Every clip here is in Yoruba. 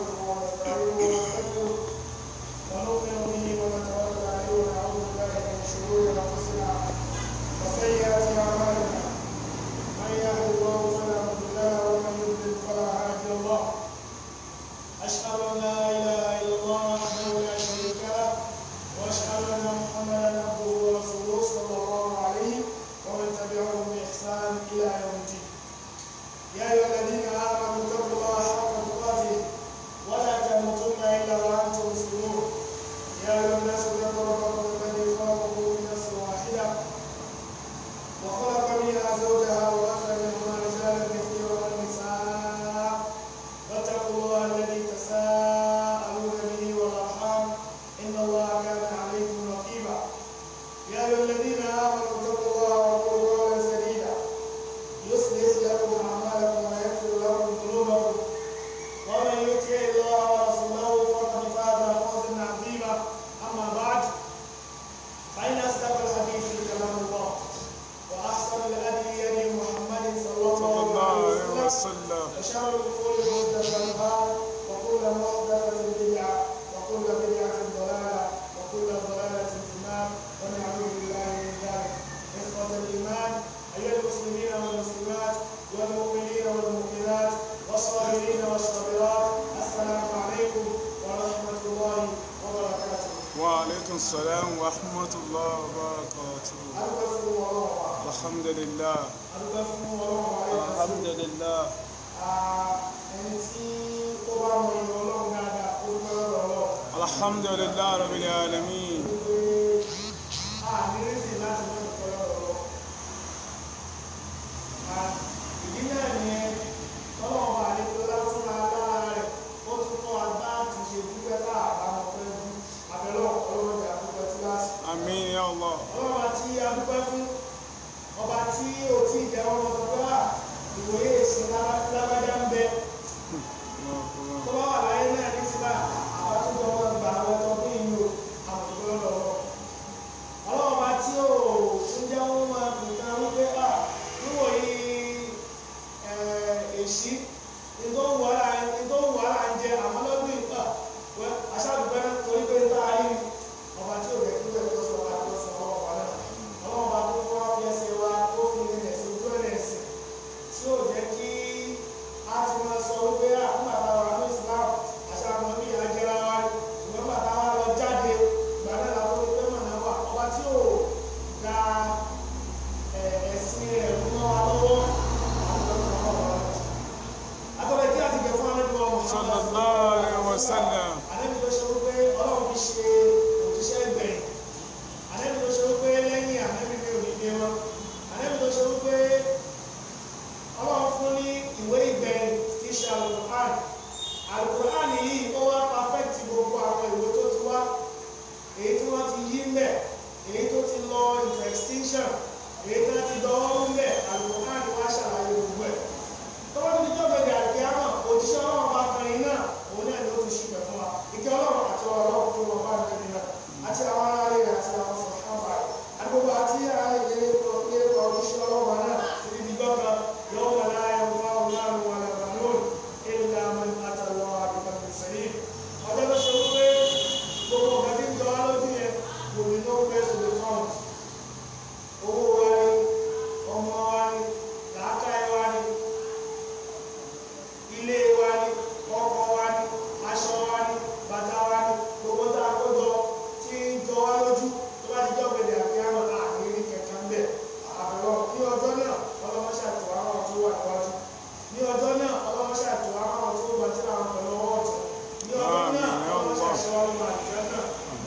ونستعينه ونستغفره ونؤمن Аллах. الحمد لله رب العالمين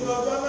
procurador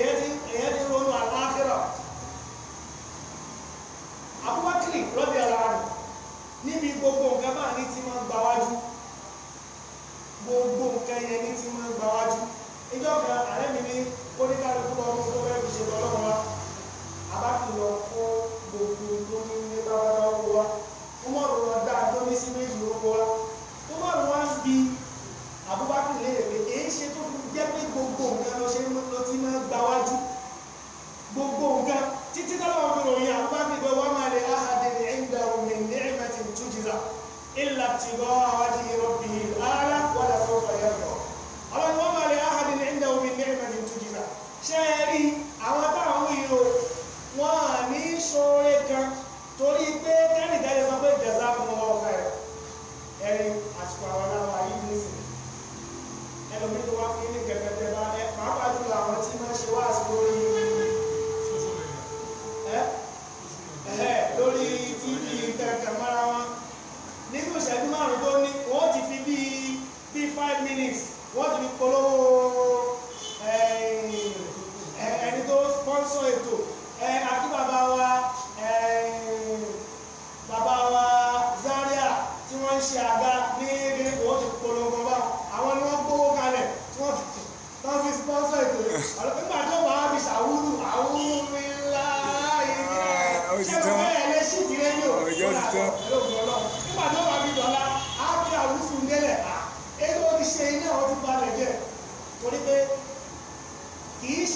èyàn ti èyàn ti ronú àlàáfíà Abubakar lọ́bì ara rẹ̀ níbi gbogbo nǹkan bá ní ti máa ń gbáwájú gbogbo nǹkan yẹn ní ti máa ń gbáwájú ìjọ kan ààrẹ mi ní oníkàlùkù lọ fún tó fẹ́ẹ́ fi ṣe lọ́wọ́ wa Abubakar lọ kó gbogbo tó ní ní bá wá lọ́wọ́ wa wọ́n rọra dáa tó ní sí méjì lọ́wọ́ wa. ló ti máa gba wájú gbogbo nǹkan títí tọ́lọ́wọ́ fi ròyìn àwọn bá fi gbọ́ wọ́n máa lè áhàdé ní ẹ̀ńdà òmìnir illa tibaa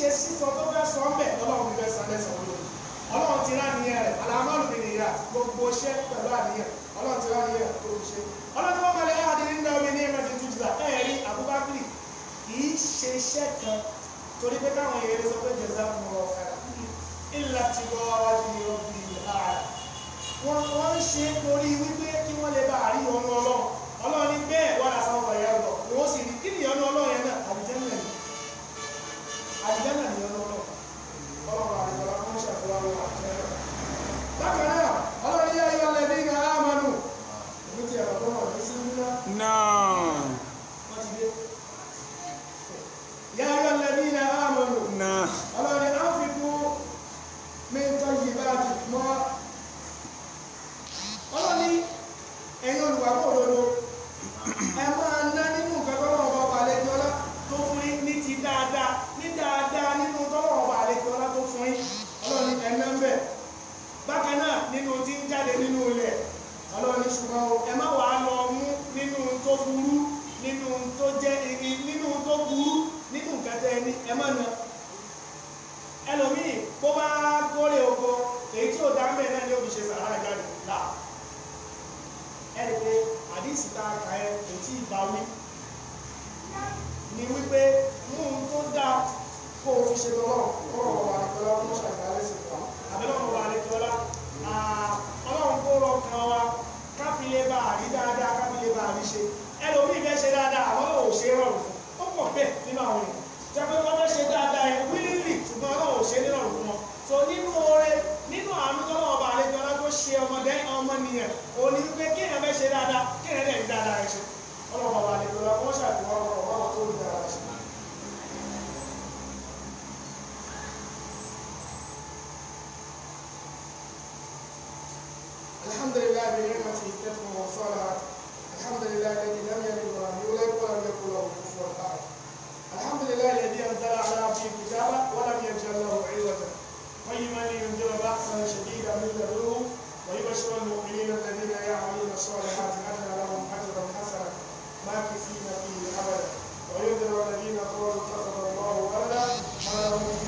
ṣe sísọ tó fẹ́ sọ ọ́nbẹ̀ ọlọ́run fífẹ́ san lẹ́sàn olóòrùn ọlọ́run ti rá nìyẹn rẹ̀ àlàmọ́lù mi nìyà gbogbo ṣẹ́ pẹ̀lú àníyàn ọlọ́run ti rá nìyẹn tó ń ṣe ọlọ́run tó wọlé àdé nínú omi ní ẹ̀mẹ́ tuntun jùlọ ẹ̀ rí Abubakar kì í ṣe iṣẹ́ kan torí pé káwọn èèyàn sọ pé jẹ̀sán mú ọ ìlà ti gbọ́ wájú ni ó fi ààrẹ wọ́n ń ṣe torí wípé kí wọ́n lè bá àìjẹ́nà nìyẹn lọ́wọ́ ọlọ́run àìjọba kọ́ńṣà fúlàwọ́ àti ẹ̀rọ. bákan الحمد لله بنعمة تتم وصالحت الحمد لله الذي لم يلد ولم يولد ولم يكن له كفوا احد الحمد لله الذي انزل على عبده الكتاب ولم يجعل له عوجا قيما لينذر باسا شديدا من لدنه ويبشر المؤمنين الذين يعملون الصالحات ان لهم اجرا حسنا ماكثين فيه ابدا ويذر الذين قالوا اتخذ الله ولدا ما لهم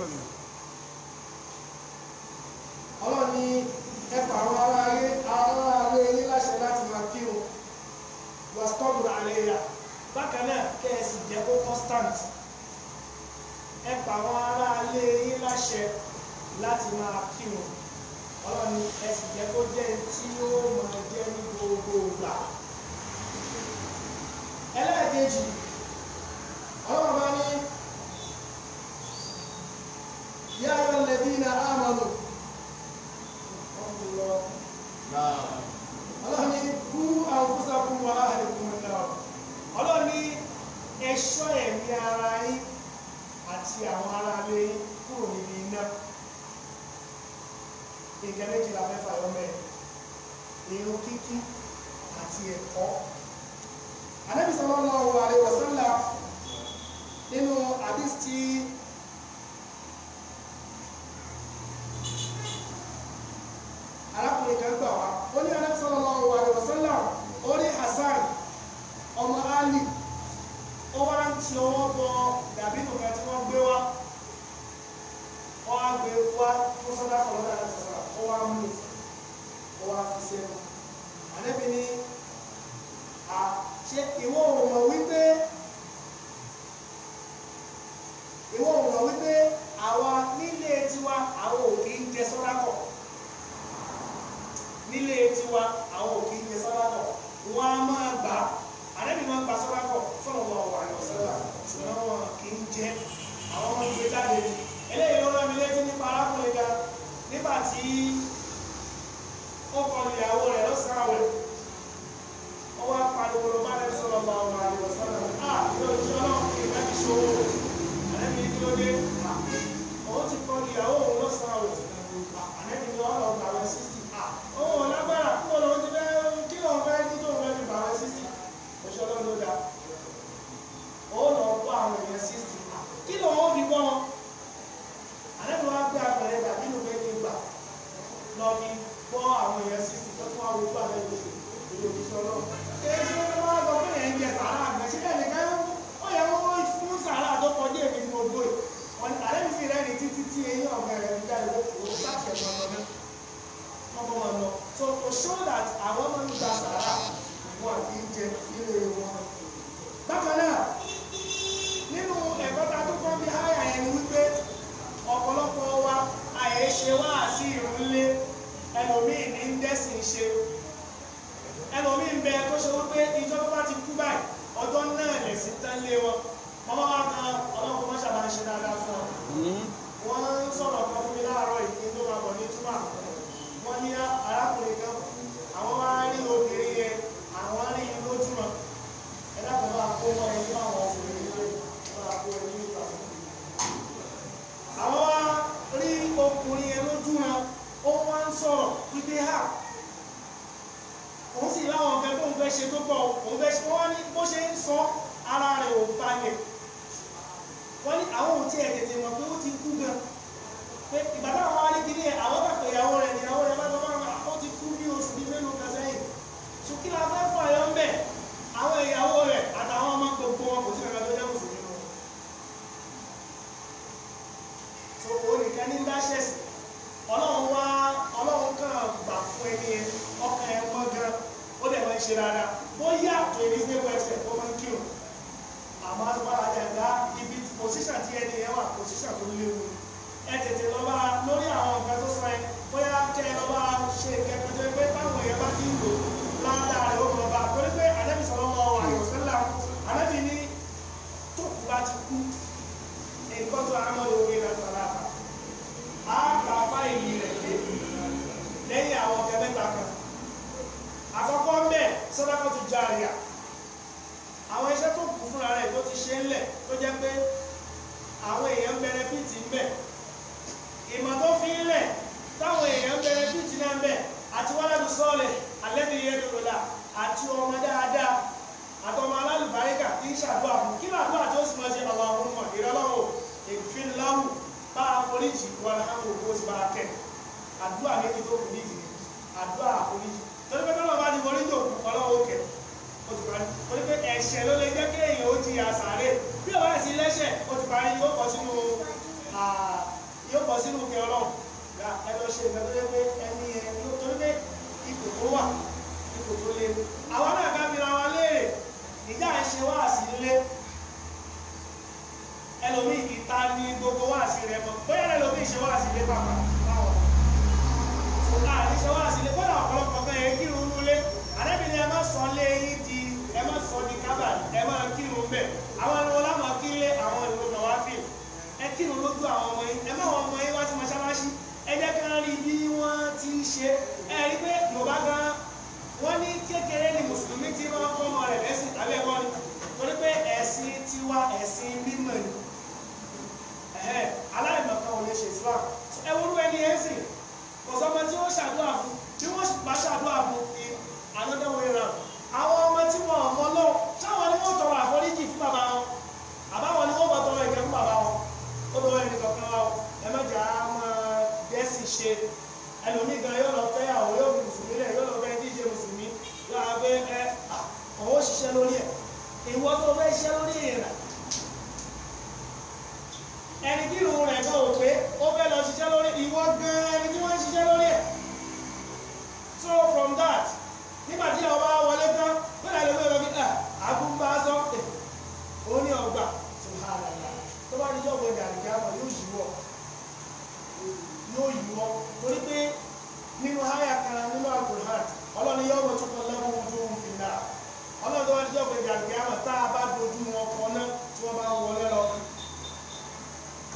wasallam. ọlọ́run ní ẹ̀pà àwọn ará ayé ará ayé yín láṣẹ láti máa kí o wàstọ́bù àlẹ́yà bákan náà kẹ́ ẹ sì jẹ́ kó constant ẹ̀pà àwọn ará ayé yín láṣẹ láti máa kí o ọlọ́run ní ẹ sì jẹ́ kó jẹ́ tí ó máa jẹ́ ní gbogbo ìgbà ẹlẹ́ẹ̀kejì. الذين آمنوا الله نعم ọlọ́run ní kú anfusakum wa ahlikum nar ọlọ́run ní ẹ̀ṣọ́ ẹ̀mí ara yín àti àwọn ará ilé yín kúrò níbi iná nǹkan méjìlá mẹ́fà yọmẹ́ irun kíkí àti ẹ̀kọ́ anábìsọ̀rọ̀ náà wà nínú àdìsí ọwọ́ bọ dàbí nǹkan tí wọ́n gbé wá wọ́n á gbé wá fún sọ́dá kan lọ́dà láti sọ́dá ó wá mú ó wá fi sẹ́nu àlẹ́bí ni ṣe ìwọ ò mọ̀ wípé ìwọ ò mọ̀ wípé àwa nílé tiwa àwọn ò kì í jẹ sọ́dá kọ̀ nílé tiwa àwọn ò kì í jẹ sọ́dá kọ̀ wọ́n á máa gbà àlẹ́bí máa ń gbà sọ́dá kọ̀ fún so that àwọn máa ń gba sàrà wọn àti jẹ nílé wọn. bákan náà nínú ẹ̀kọ́ ta tó kọ́ bí háyà yẹn ni wípé ọ̀pọ̀lọpọ̀ wa àyẹ̀ṣe wá sí ìrúnlé ẹlòmíì ní ń dẹ́sìn ṣe ẹlòmíì ń bẹ tó ṣe wípé ìjọba bá ti kú báyìí ọjọ́ náà lẹ̀sìn tán lé wọn ọmọ wa kan ọlọ́run mọ́ṣà máa ń ṣe dáadáa fún ọ hmm. wọ́n ń sọ̀rọ̀ kan fún mi láàárọ̀ ìpín tó máa bọ̀ ní túmọ̀ wọ́n ní á ah, wọ́n ní àwọn ò tiẹ̀ tètè mọ̀ pé ó ti kú gan pé ìgbà táwọn máa ní kíní ẹ̀ àwọn kàpé ìyàwó rẹ̀ ní ìyàwó rẹ̀ bá tọ́ máa ó ti kú bí oṣù bíi mélòó kan sẹ́yìn ṣùkí la fẹ́ fún àyọ̀ ń bẹ̀ àwọn ìyàwó rẹ̀ àtàwọn ọmọ gbogbo wọn kò sí ọ̀rọ̀ tó jẹ́ mùsùlùmí wọn. tó o nìkan ní dáṣẹ́sì ọlọ́run wá ọlọ́run kàn gbà fún ẹni ọkàn ẹ̀ mọ́ gan ó dẹ̀ máa ń ṣe dáadáa bóyá àtò ìdílé wẹ́ẹ̀sẹ̀ tó máa ń kírun àmọ́ àti position tí ẹni yẹn wà position tó léwu ẹ tètè lọ lórí àwọn nǹkan tó sọ ẹ bóyá kẹ ẹ lọ ṣe kẹkẹ pé táwọn èèyàn bá ti ń lò ládàá rẹ ó lọ bá torí pé ànábì sọ̀rọ̀ mọ́ ọ àyọ̀sẹ́lá ànábì ní tókù bá ti kú nǹkan tó àmọ́ òwe ṣe wáàsí nílé ẹlòmíì ìta ni gbogbo wáàsí rẹ mọ bóyá ẹlòmíì ṣe wáàsí nílé pàpà báwọn láàrin ṣe wáàsí nílé kódà ọ̀pọ̀lọpọ̀ kan ẹ̀ kírun nulé àdébìnrin ẹ má sọ lé yín di ẹ má sọ di kábà ẹ má kírun bẹ́ẹ̀ àwọn ẹni wọn láwọn kílé àwọn ìlú náà wá fìlì ẹ kírun lójú àwọn ọmọ yín ẹ má wọn ọmọ yín wá sí mọ́ṣáláṣí ẹ jẹ́ kí wọ́n rí bí wọ́n ti ṣe ẹ rí pé Yorùbá gan wọ́n ní kékeré ni mùsùlùmí ti máa ń kọ́ ọmọ rẹ̀ lẹ́sìn tàbí ẹ̀kọ́ ni torí pé ẹ̀sìn tiwa ẹ̀sìn mímọ̀ ni aláìmọ̀kan ò lè ṣe Islam ẹwúrú ẹni ẹ̀sìn kò sọmọ tí ó ṣàdúrà fún tí wọ́n bá ṣàdúrà fún in another way round àwọn ọmọ tí wọn ọmọ lọ sáwọn ni wọ́n tọrọ àforíjì fún bàbá wọn àbáwọn ni wọ́n bọ̀ tọrọ ìkẹ́ fún bàbá wọn ó lọ́wọ́ ẹni kankan wa ẹ má jà á máa bẹ́sì ṣe ẹlòmíì gan yóò lọ fẹ́ àwọn yóò fi mùsùlùmí lẹ̀ yóò lọ fẹ́ díje mùsùlùmí yóò á gbé ẹ àwọn òṣìṣẹ́ lórí ẹ̀ ìwọ tó fẹ́ ṣe lórí ìrà ẹni tí ìrùn rẹ̀ gan ò pé ó fẹ́ lọ ṣiṣẹ́ lórí ìwọ gan ẹni tí wọ́n ń ṣiṣẹ́ lórí ẹ̀ so from that nígbà tí ọba wọlé tán bẹ́ẹ̀ lè wọ́n lọ́bí àgùnbá sọ pé eh, ó ní ọgbà tó ha lọ́la tó bá níjọ́ gbọ́dọ̀ àdìgá mọ̀ yóò yí wọ́ yóò yí wọ́ torí pé nínú háyà kan nínú àgùnhàn ọlọ́ni yóò wọ́n tó kọ́ lọ́wọ́ ojú òun fi náà ọlọ́run tó wá níjọ́ pé ìyàgbé àmọ̀ tá a bá dojú wọn kọ náà tí wọ́n bá ń wọlé lọ.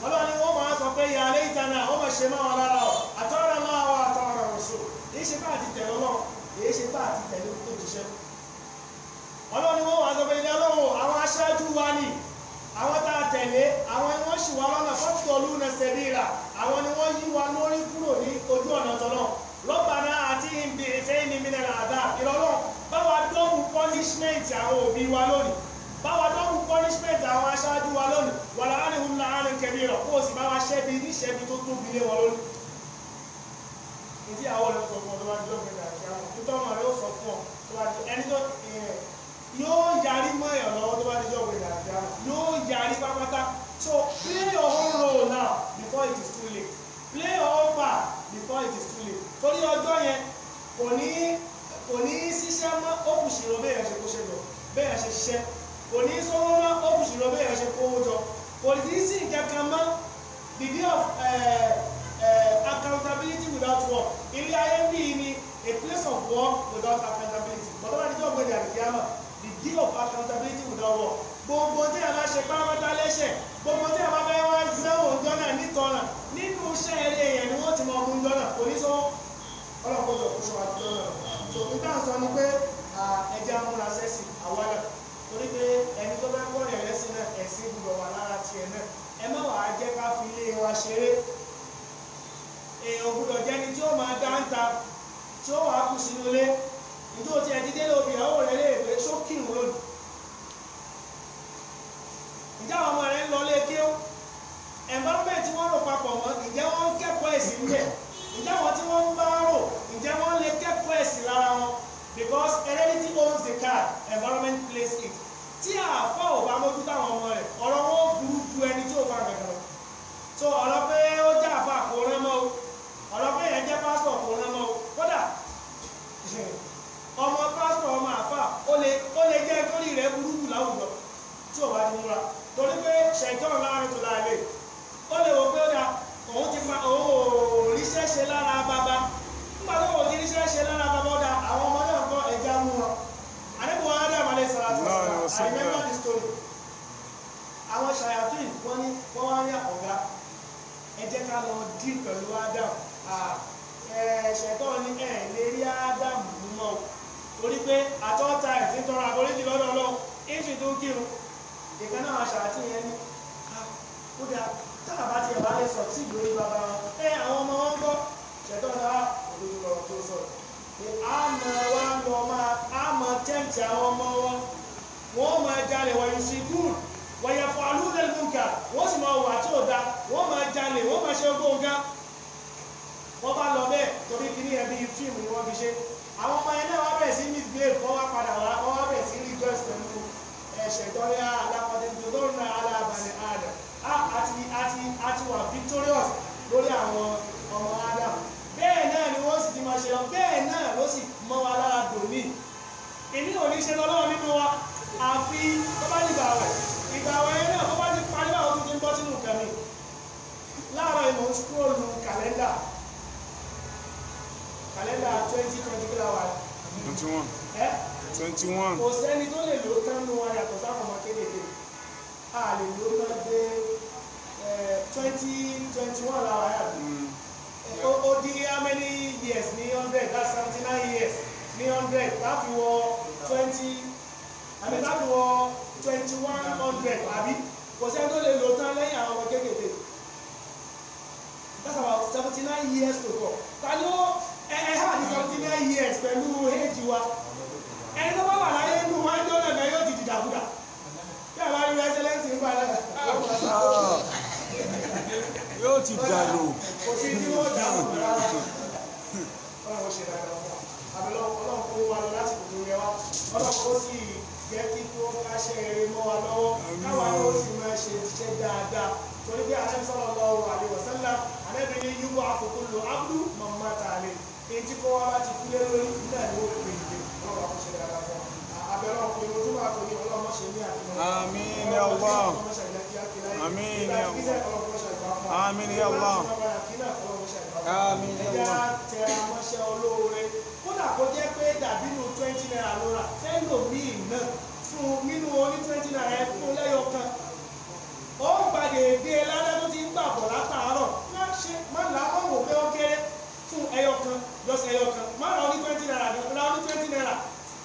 ọlọ́run ni wọ́n máa sọ pé ìyá alẹ́ ìta náà wọ́n máa ṣe máa wọn lára ọ̀ àtọ́rọ̀ máa wọ àtọ́rọ̀ òṣò èyí ṣe bá àti tẹ̀lé ọlọ́run èyí ṣe bá àti tẹ̀lé tó jíṣẹ́. ọlọ́run ni wọ́n wá sọ pé ilé ọlọ́run àwọn aṣáájú wa ni àwọn tá a tẹ̀lé àwọn ni wọ́n ṣì wá lọ́nà fọ́tò lúnà sẹ́bíra punishment àwọn òbí wa lónìí báwa dọ́rù punishment àwọn aṣáájú wa lónìí wàlá ánìhùn náà ánì kẹbí rẹ̀ kó o sì bá wa ṣẹ́bi níṣẹ́bi tó tóbi lé wọn lónìí. ìdí àwọn ọ̀rẹ́ sọ fún ọ tó bá jọ fẹ́ dàbí àwọn òkúta ọmọ rẹ ó sọ fún ọ tó bá jọ ẹni tó yóò yarí mọ́ ẹ̀yàn lọ́wọ́ tó bá jọ fẹ́ dàbí àwọn yóò yarí pápátá so play your own role now before it is too late play your own part before it is too late torí ọjọ́ yẹn kò ní kò ní ṣiṣẹ́ mọ́ ó kù sí lọ bẹ́ẹ̀ ṣe kó ṣe lọ bẹ́ẹ̀ ṣe ṣiṣẹ́ kò ní sọ́wọ́ mọ́ ó bẹ́ẹ̀ ṣe kó jọ kò ní sí kankan mọ́ the day of uh, uh, accountability without work ilé ayé bí ni a place of work without accountability bọ́dọ̀ bá dídọ́ gbẹ̀dẹ̀ àdìyàmọ̀ the day of accountability without work gbogbo tí a bá ṣe pátápátá lẹ́sẹ̀ gbogbo tí a bá fẹ́ wá náwó ọjọ́ náà nítoràn nínú iṣẹ́ eré èèyàn ni wọ́n ti mọ ọmú ọjọ́ náà kò ní sọ́wọ́ ọlọ́pọ̀ ọjọ́ kó ṣọwọ́ àti ọjọ́ náà so ní tá à ń sọ ni pé ẹja múra sẹ́sìn àwa náà torí pé ẹni tó bá kọ́ ẹ̀rẹ́ sí náà ẹ̀sìn gbúdọ̀ wà lára tiẹ̀ náà ẹ má wàá jẹ́ ká fi ilé wa ṣeré èèyàn gbúdọ̀ jẹ́ni tí ó máa dá ń ta tí ó wàá kù sínú ilé ìjọ tí ẹ ti délé obìnrin àwọn rẹ̀ lè pé ṣókìrùn lónìí ǹjẹ́ àwọn ọmọ rẹ̀ ń lọ lé kí ó environment tí wọ́n rò papọ̀ mọ́ ǹjẹ́ wọ́n kẹ́kọ̀ọ́ ẹ̀sìn ń ǹjẹ́ àwọn tí wọ́n ń bá rò ǹjẹ́ wọ́n lè kẹ́kọ̀ọ́ ẹ̀sìn lára wọn because heredity owns the car environment plays a àmọ́ wa mọ̀ máa àmọ́ tẹ́ǹtì àwọn ọmọ wọn wọ́n máa jalè wọ́n yìí sí gùn wọ́n yẹ fún alúdẹ̀ lùkà wọ́n sì máa wà tí ò da wọ́n máa jalè wọ́n máa ṣe ogún ọ̀gá wọ́n bá lọ bẹ́ẹ̀ torí kìíní ẹbí fíìmù ni wọ́n fi ṣe victorious lórí àwọn ọmọ adam bẹ́ẹ̀ náà ni wọ́n sì ti máa ṣe lọ bẹ́ẹ̀ náà ló sì mọ́ wa lára dòní èmi ò ní ṣe lọ́wọ́ nínú wa àfi tó bá dìgbà wẹ̀ ìgbà yẹn náà tó bá ti parí àwọn tuntun bọ́ sínú nǹkan láàárọ̀ ìmọ̀ ń skróòlù kàlẹ́ndà kàlẹ́ndà twenty twenty kí la twenty one. twenty one. kò sẹ́ni tó lè lò ó tán nu wa yàtọ̀ sáwọn ọmọ kéékèèké a lè lò ó tán dé twenty twenty one la ó dín ní how many years ní hundred that's seventy nine years ní hundred láti wọ twenty àbí láti wọ twenty one hundred àbí kò sẹ́ni tó lè lò tán lẹ́yìn àwọn ọmọ kéékèèké that's about seventy nine years to go ta ló ẹ ẹ hà ní seventy nine years pẹ̀lú éèjì wa ẹni tó bá wà láyé inú wọn tó lẹ̀ mẹ́ yóò ti dìdàkudà. yóò ti dàrú. kò sí ní wọ́n dàrú rárá ọlọ́run ó ṣe dáadáa fún wa àbí ọlọ́run kó wa lọ láti kòkòrò yẹn wá ọlọ́run ó sì jẹ́ kí tó ká ṣe eré mọ́ wa lọ́wọ́ káwa ni ó sì máa ṣe ṣe dáadáa torí pé alẹ́ sọ̀rọ̀ lọ́wọ́ àlewọ̀sánlá alẹ́bìnrin yìí wà àkókò lò ábúdú mọ̀mọ́ tààlẹ́ èyí tí kò wá láti kú lé lórí náà ni ó pè é ọlọ́run kó ṣe dáadáa fún wa abẹ́rẹ́ ọkùnrin ojú wa kò ní ọlọ́run ní àtúnṣe. àmín ni ọwọ́ àmín ni ọwọ́. Amin ya Allah Amin ya Allah. ẹja tẹ amọ́ṣẹ́ olóore kódà kó jẹ́ pé dàbí nù twenty naira ló rà fẹ́lò míì náà fún nínú oní twenty naira ẹ fún lẹ́yọ kan ó gbàdégbé ládá tó ti ń gbàbọ̀ látàárọ̀ má ṣe má làwọn wò pé ó kéré fún ẹyọ kan just ẹyọ kan má ra oní twenty naira ra oní twenty naira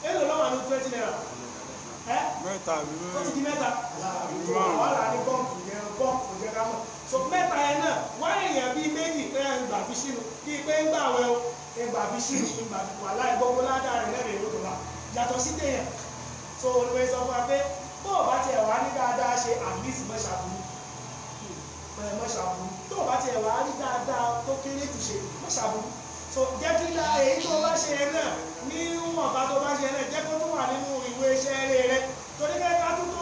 èlò lọ́wọ́ ní twenty naira mẹ́ta mi mẹ́ta ó ti di mẹ́ta wàhálà ní bọ́ǹkì yẹn bọ́ǹkì yẹn ká mọ̀ so mẹ́ta yẹn náà wá èèyàn bíi méjì pé ìgbà fi sínú bíi pé ń gbàwé o ìgbà fi sínú ìgbà fi wà láì gbogbo ládàá rẹ̀ lẹ́rìí ló yàtọ̀ sí téèyàn so olùwé sọ fún wa pé tó o bá tiẹ̀ wá ní dáadáa ṣe at least mọ́ṣà burú mọ́ṣà burú tó o bá tiẹ̀ wá ní dáadáa tó kéré tù ṣe mọ́ṣà burú so jẹ́ kí la èyí tó bá ṣe yẹn náà ní wọ̀nba tó bá ṣe yẹn náà jẹ́ kó tó wà nínú ìwé iṣẹ́ rẹ̀ rẹ̀ torí pé ká tó tó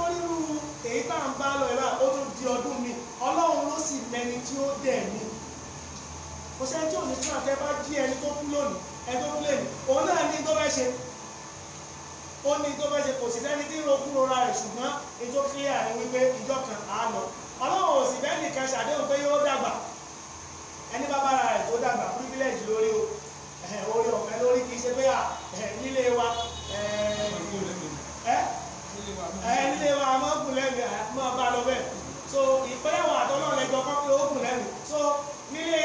tá à ń bá lọ lẹni tí ó dẹ̀ mú kò sẹ́ni tí ò ní tíra tẹ́ bá jí ẹni tó kú lónìí ẹni tó kú lónìí òun náà ní tó fẹ́ ṣe ó ní tó fẹ́ ṣe kò sì sẹ́ni tí ro kúrò ra rẹ̀ ṣùgbọ́n ètò kílíà rẹ̀ wípé ìjọ kan á lọ ọlọ́run ò sì bẹ́ẹ̀ nìkan ṣàdéhùn pé yóò dàgbà ẹni bá bára rẹ̀ tó dàgbà privilege lórí o orí ọ̀fẹ́ lórí kì í ṣe pé nílé wa nílé wa àmọ́ kùlẹ̀ mi àmọ́ bá lọ bẹ́ẹ̀ so ìpẹ́yàwó àtọ́nà lẹ́jọ́ kọ́kẹ́ ogun lẹ́nu so nílé